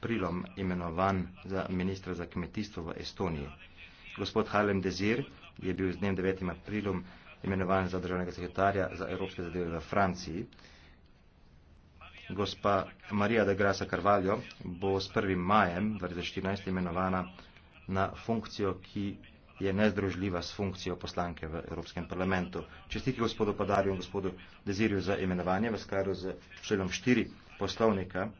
aprilom imenovan za ministra za kmetijstvo v Estoniji. Gospod Halem Dezir je bil z dnem 9. aprilom imenovan za državnega sekretarja za evropske zadeve v Franciji. Gospa Marija de Grasa Carvalho bo s 1. majem 2014 imenovana na funkcijo, ki je nezdružljiva s funkcijo poslanke v Evropskem parlamentu. Čestitke gospodu Padarju in gospodu Dezirju za imenovanje v skladu z členom 4 poslovnika